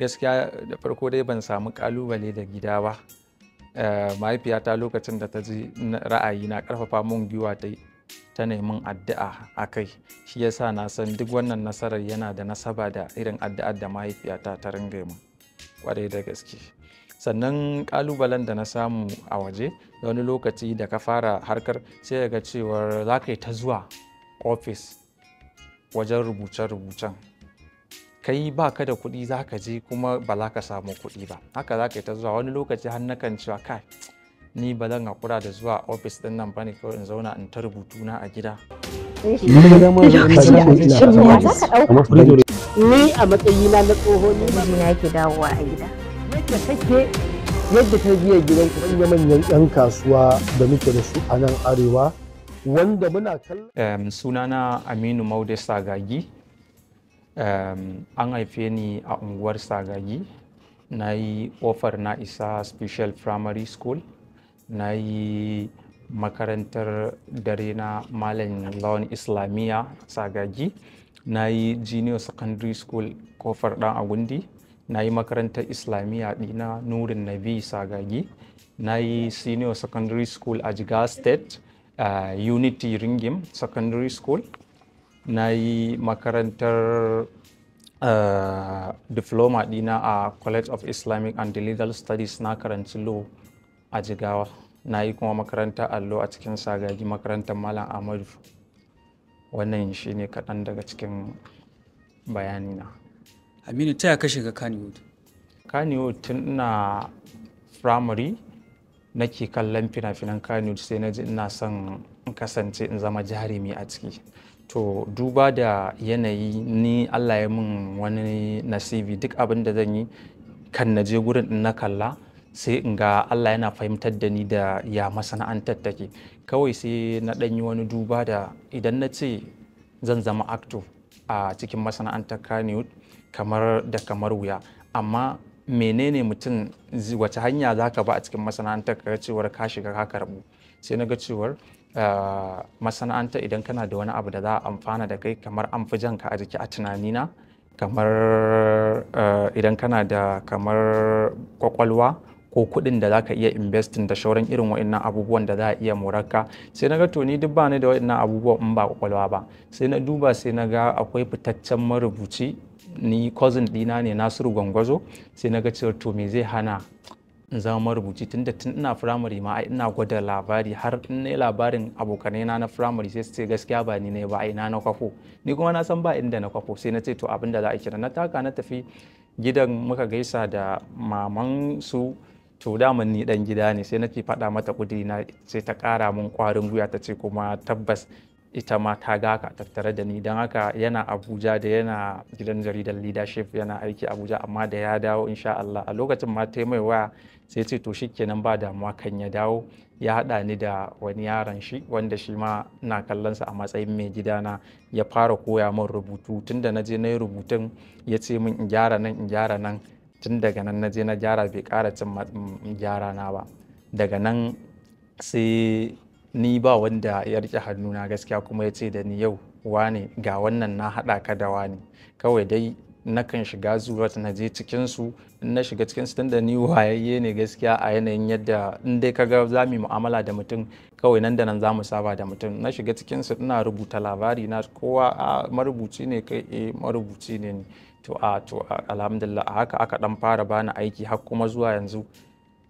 gaskiya da farko dai ban samu kalubale da gida ba eh, mahaifiyata lokacin da ta ji ra'ayi na karfafa mun gwiwa ta ta addu'a a kai shi ya sa na san duk wannan nasarar yana da nasaba da irin addu'ar da mahaifiyata ta ringa mu kwarai da gaske sannan kalubalen da na samu a waje wani lokaci da ka fara harkar sai ga cewar za ka yi ta zuwa ofis wajen rubuce-rubucen kai ba ka da kuɗi za ka je kuma ba za ka samu kuɗi ba haka za ka yi ta zuwa wani lokaci har na kan cewa kai ni ba zan haƙura da zuwa ofis ɗin nan ba ne kawai in zauna in ta rubutu na a gida. Ni a matsayi na tsoho yake dawowa a gida. Yadda ta biya gidan ku manya manyan 'yan kasuwa da muke da su a nan arewa wanda muna kallon. Sunana Aminu Maude Sagagi an haife ni a unguwar sagagi na yi ofar na isa special primary school na yi makarantar dare na malam lawan islamiyya sagagi na yi junior secondary school kofar dan agundi na yi makarantar islamiyya dina nurin nabi sagagi na yi senior secondary school a Jigar state uh, unity ringim secondary school na yi makarantar uh, diploma dina a college of islamic and legal studies na karanci law a jigawa na yi kuma makarantar allo a cikin sagagi makarantar malam amadu wannan shi ne kaɗan daga cikin bayanina aminu ta ka shiga kaniwood kaniwood tun ina firamare nake kallon fina-finan kaniwood sai na ji ina son in kasance in zama jarumi a ciki to duba da yanayi ni allah ya mun wani nasibi duk abin da zan yi kan na je gurin in na kalla sai in ga allah yana fahimtar da ni da ya masana'antar take kawai sai na ɗan yi wani duba da idan na ce zan zama acto a cikin masana'antar kaniwood kamar da kamar wuya amma menene mutum wace hanya za ka ba a cikin masana'antar ka cewar ka shiga ka karbu sai na ga cewar Ah, masana'anta idan kana da wani abu da za a amfana da kai kamar an fi ka a jiki a tunanina kamar ah, idan kana da kamar kwakwalwa ko kuɗin da zaka iya investin da shauran irin wa'annan abubuwan da za a iya morarka sai na ga to ni duk ni da wa'annan abubuwan in ba kwakwalwa ba sai na duba sai na ga akwai fitaccen marubuci ni cousin dina ne nasiru gwangwazo sai na ga cewa to me zai hana in zama marubuci tun da tun ina firamare ma ina gwada labari har in ne labarin abokanai na na firamare sai su ce gaskiya ba ni ne ba ina na kwafo ni kuma na san ba inda na kwafo sai na ce to abin da za a kira na taka na tafi gidan muka gaisa da maman su to daman ni dan gida ne sai na nake faɗa mata kudi na sai ta ƙara min ƙwarin gwiwa ta ce kuma tabbas ita ma ta ga ka tattare da ni don haka yana abuja da yana gidan jaridar leadership yana aiki abuja amma da ya dawo insha Allah a lokacin ma ta mai waya sai ce to shikenan ba damuwa kan ya dawo ya haɗa ni da wani yaron shi wanda shi ma na kallonsa a matsayin mai gidana ya fara koya min rubutu tun da na je na yi rubutun ya ce min in gyara nan in gyara nan tun daga nan na je na gyara bai ƙara cin mm, gyara na ba daga nan sai ni ba wanda ya rike hannu na gaskiya kuma ya ce da ni yau wane ga wannan na haɗa ka da wane kawai dai na kan shiga zurat na je cikinsu in na shiga cikinsu tunda ni wayayye ne gaskiya a yanayin yadda in dai ga za mu mu'amala da mutum kawai nan da nan za mu saba da mutum na shiga cikinsu ina rubuta labari na kowa a marubuci ne kai eh marubuci ne to a to alhamdulillah haka aka dan fara bani aiki har kuma zuwa yanzu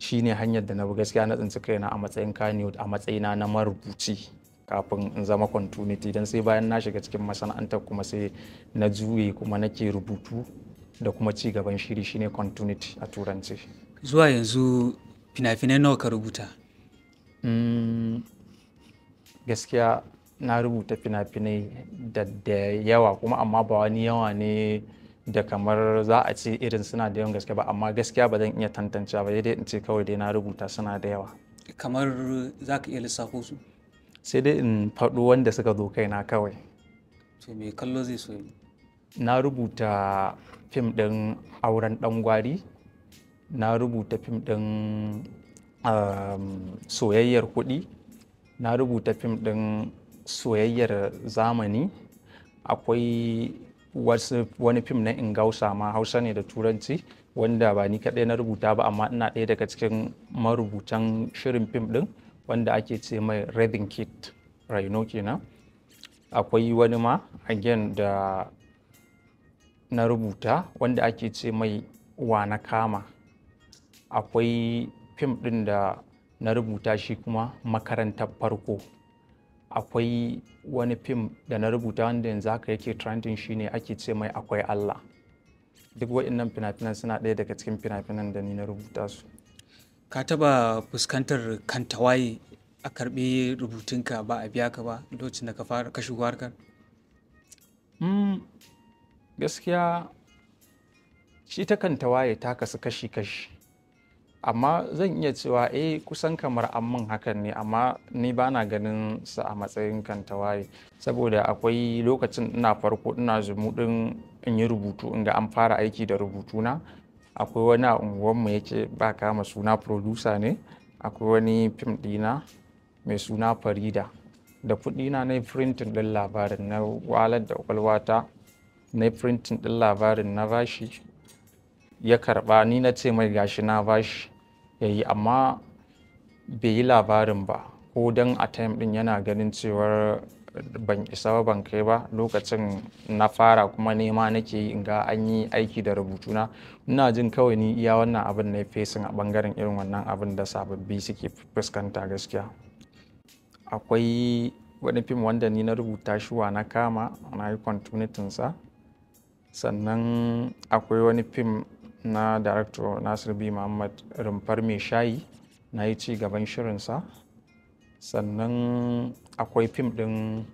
Shi ne hanyar da na bi gaskiya na tsinci kaina a matsayin Kanyo a matsayina na marubuci kafin in zama continuity don sai bayan na shiga cikin masana'antar kuma sai na juye kuma nake rubutu da kuma ci gaban shiri shine continuity a turanci zuwa yanzu fina-finai nawa ka rubuta mm, gaskiya na rubuta fina-finai da yawa kuma amma ba wani yawa ne da kamar za a ce irin suna da yawan gaske ba amma gaskiya ba zan iya tantance ba dai in ce kawai dai na rubuta suna da yawa kamar za ka iya lissafo su sai dai in faɗo wanda suka zo kaina kawai to me kallo zai so na rubuta fim ɗin auren ɗan gwari na rubuta fim ɗin um, soyayyar kuɗi na rubuta fim ɗin soyayyar zamani akwai wasu wani fim na ingausa ma hausa ne da turanci wanda ba ni kaɗai na rubuta ba amma ina ɗaya daga cikin marubutan shirin fim ɗin wanda ake ce mai Redding Kit Rhino kenan akwai wani ma again da na rubuta wanda ake ce mai wana kama akwai fim ɗin da na rubuta shi kuma makarantar farko akwai wani fim da na rubuta wanda yanzu haka yake trending ne, ake ce mai akwai Allah duk waɗannan fina-finan suna ɗaya daga cikin fina-finan da ni na rubuta su ka taba fuskantar kantawaye a karɓi rubutunka ba a biya ka ba lokacin da ka fara ka hmm, gaskiya shi ta kantawaye ta kasu kashi-kashi amma zan iya cewa eh kusan kamar an amman hakan ne amma ni bana ganin sa a matsayin kan tawaye saboda akwai lokacin ina farko ina zumu din in yi rubutu inda an fara aiki da rubutu na akwai wani a unguwanmu yake ba kama suna producer ne akwai wani fim ɗina mai suna farida da kuɗina na na printin din labarin na walar da kwalwata na printin ɗin labarin na bashi ya karba ni na ce mai gashi na bashi ya yi amma bai yi labarin ba ko don a time din yana ganin cewar ban isa ba ban kai ba lokacin na fara kuma nema nake yi in ga an yi aiki da rubutuna ina jin kawai ni iya wannan abin na fesin a bangaren irin wannan abin da sababbi suke fuskanta gaskiya akwai wani fim wanda ni na rubuta shuwa na kama na yi kwantunitinsa sannan akwai wani fim na director nasir b muhammad rumfar mai shayi na yi ci gaban shirinsa sannan akwai fim ɗin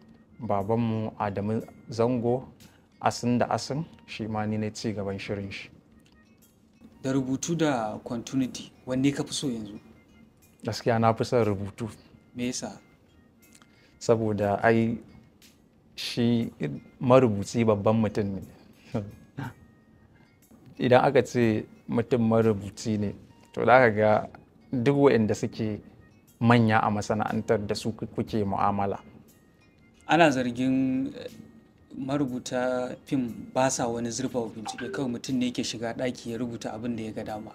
babanmu adamu zango asin da asin shi ma ni na ci gaban shirin shi da rubutu da continuity wanne ka fi so yanzu gaskiya na fi son rubutu me yasa saboda ai shi marubuci babban mutum ne idan aka ce mutum marubuci ne to za ka ga duk waɗanda suke manya a masana'antar da su kuke mu'amala ana zargin eh, marubuta fim ba sa wani zurfa bincike kawai mutum ne ke shiga ɗaki ya rubuta abin da ya ga dama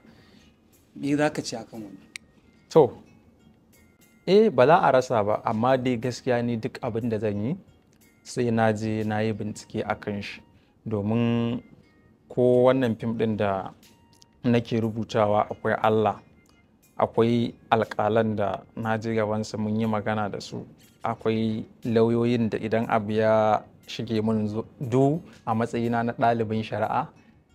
me za ka ci akan wani to E, ba za a rasa ba amma dai gaskiya ne duk abin da zan yi sai na je na yi bincike a kan shi domin ko wannan fim ɗin da nake rubutawa akwai Allah akwai alƙalan da na ji gabansu mun yi magana da su akwai lauyoyin da idan abu ya shige mun du a matsayina na ɗalibin shari'a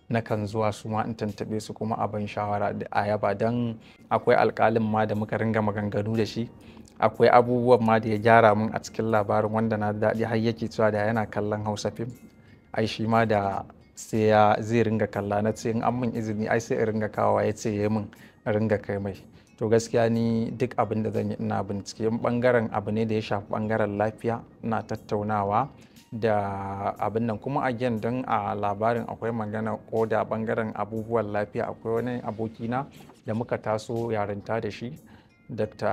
na kan zuwa su ma in tantaɓe su kuma abin shawara da ayaba don akwai alƙalin ma da muka ringa maganganu da shi akwai abubuwan ma da ya gyara mun a cikin labarin wanda na daɗi har yake cewa da yana kallon hausa fim ai shi ma da sai ya zai ringa kalla na ce in an min izini ai sai in ringa kawowa ya ce ya min ringa kai mai to gaskiya ni duk abin da zan yi ina bincike bangaren abu ne da ya shafi bangaren lafiya na tattaunawa da abin nan kuma a gen don a labarin akwai magana ko da bangaren abubuwan lafiya akwai wani abokina da muka taso yarinta da shi dr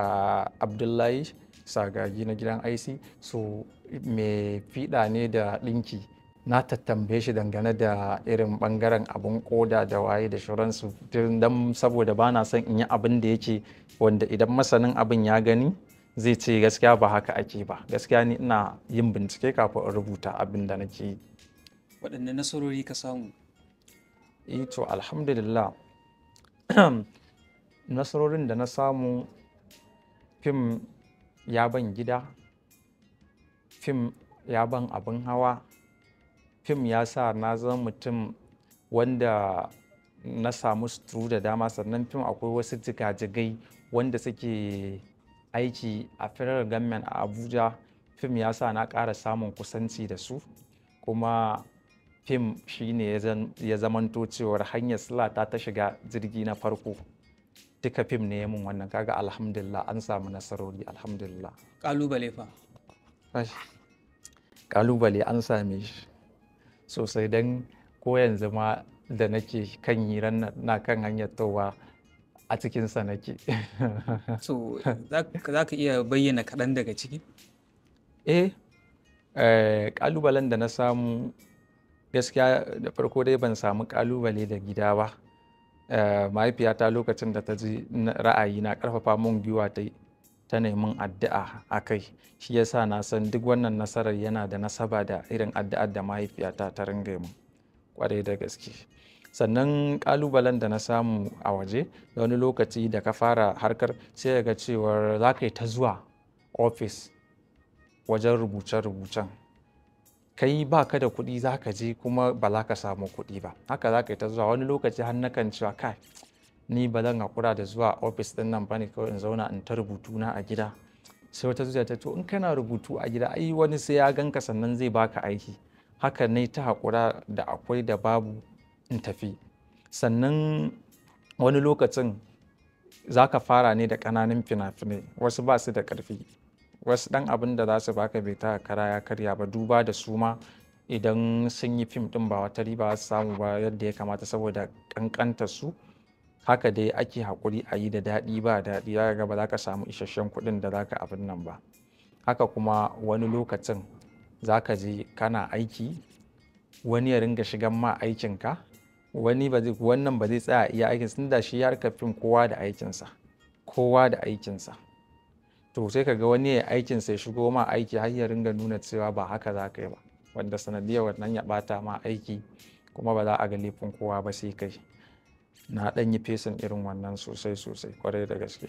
abdullahi sagagi na gidan ic so mai fiɗa ne da ɗinki na ta tambaye shi dangane da irin bangaren abun koda da waye da shuransu don saboda bana son in yi abin da yake wanda idan masanin abin ya gani zai ce gaskiya ba haka ake ba gaskiya ni ina yin bincike kafin in rubuta abin da nake yi waɗanne nasarori ka samu eh to alhamdulillah nasarorin da na samu fim ya ban gida fim ya ban abin hawa fim ya sa na zama mutum wanda na samu suturu da dama sannan fim akwai wasu jigajigai wanda suke aiki a federal government a abuja fim ya sa na ƙara samun kusanci da su kuma fim shine ya zamanto cewar hanyar silata ta shiga jirgi na farko duka fim ne mun wannan kaga alhamdulillah an samu nasarori alhamdulillah kalubale fa kalubale an same shi sosai don ko yanzu da nake kan hiran na kan hanyar towa a cikinsa nake. so za ka iya bayyana kaɗan daga ciki? Eh, eh ƙalubalen da na samu gaskiya da farko dai ban samu ƙalubale da gida ba eh, mahaifiyata lokacin da ta ji ra'ayi na ƙarfafa mun gwiwa ta ta neman addu'a a kai shi ya sa na san duk wannan nasarar yana da nasaba da irin addu'ar da mahaifiyata ta ringa mu kwarai da gaske sannan kalubalen da na samu a waje da wani lokaci da ka fara harkar sai ga cewar za ka yi ta zuwa ofis wajen rubuce-rubucen kai ba ka da kuɗi za ka je kuma ba za ka samu kuɗi ba haka za ka yi ta zuwa wani lokaci har nakan cewa kai ni ba zan haƙura da zuwa ofis ɗin nan ba ne kawai in zauna in ta rubutu na a gida sai wata zuciya ta to in kana rubutu a gida ai wani sai ya ganka sannan zai baka aiki haka ne ta haƙura da akwai da babu in tafi sannan wani lokacin za ka fara ne da ƙananan fina-finai wasu ba su da ƙarfi wasu ɗan abin da za su baka bai ta kara ya karya ba duba da su ma idan sun yi fim ɗin ba wata riba su samu ba yadda ya kamata saboda ƙanƙanta su haka dai ake haƙuri a yi da daɗi ba daɗi za ga ba za ka samu isasshen kuɗin da za ka abin nan ba haka kuma wani lokacin za ka je kana aiki wani ya ringa shigan ma aikinka wani ba wannan ba zai tsaya iya aikin sun da shi har fin kowa da aikinsa kowa da aikinsa to sai ka ga wani ya aikinsa ya shigo ma aiki har ya ringa nuna cewa ba haka za ka yi ba wanda sanadiyar wannan ya ɓata ma aiki kuma ba za a ga laifin kowa ba sai kai na ɗan yi fesin irin wannan sosai sosai kwarai da gaske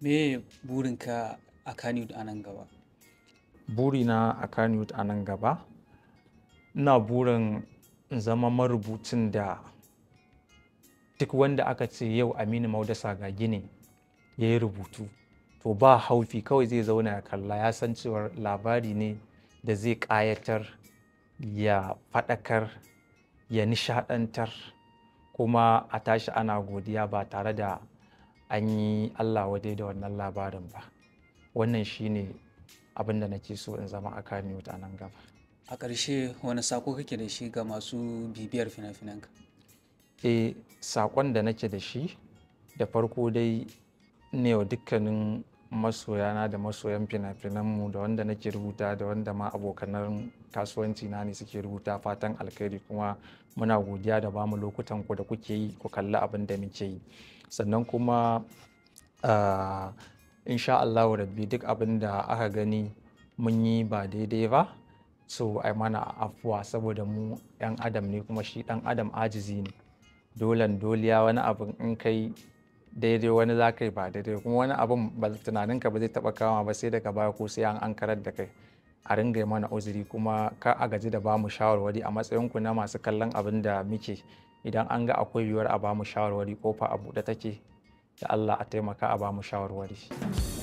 me burinka a kanyut a nan gaba burina a kanyut a nan gaba ina burin zama marubucin da duk wanda aka ce yau aminu maudasa ga gini ya yi rubutu to ba haufi kawai zai zauna ya kalla ya san cewar labari ne da zai ƙayatar ya faɗakar ya nishaɗantar kuma a tashi ana godiya ba tare da an yi allah wadai da wannan labarin ba wannan shine abin da nake so in zama a kan a nan gaba a ƙarshe wani sako kake da shi ga masu bibiyar fina-finanka e eh, sakon da nake da shi da farko dai ne wa dukkanin masoyana da masoyan fina mu da wanda nake rubuta da wanda ma abokanan kasuwanci na ne suke rubuta fatan alkhairi kuma muna godiya da bamu lokutan ku da kuke yi ku kalli abin da muke yi sannan kuma ah, insha Allah rabbi duk abin da aka gani mun yi ba daidai ba so ai mana afuwa saboda mu yan adam ne kuma shi dan adam ajizi ne dolan doliya wani abin in kai daidai wani za ka yi ba daidai kuma wani abin ka ba zai taba kama ba sai daga baya ko sai an ankarar da kai a ringa mana uzuri kuma ka a gaji da bamu shawarwari a matsayinku na masu kallon abin da muke idan an ga akwai yiwuwar a bamu shawarwari kofa a buɗe take da Allah a taimaka a bamu shawarwari.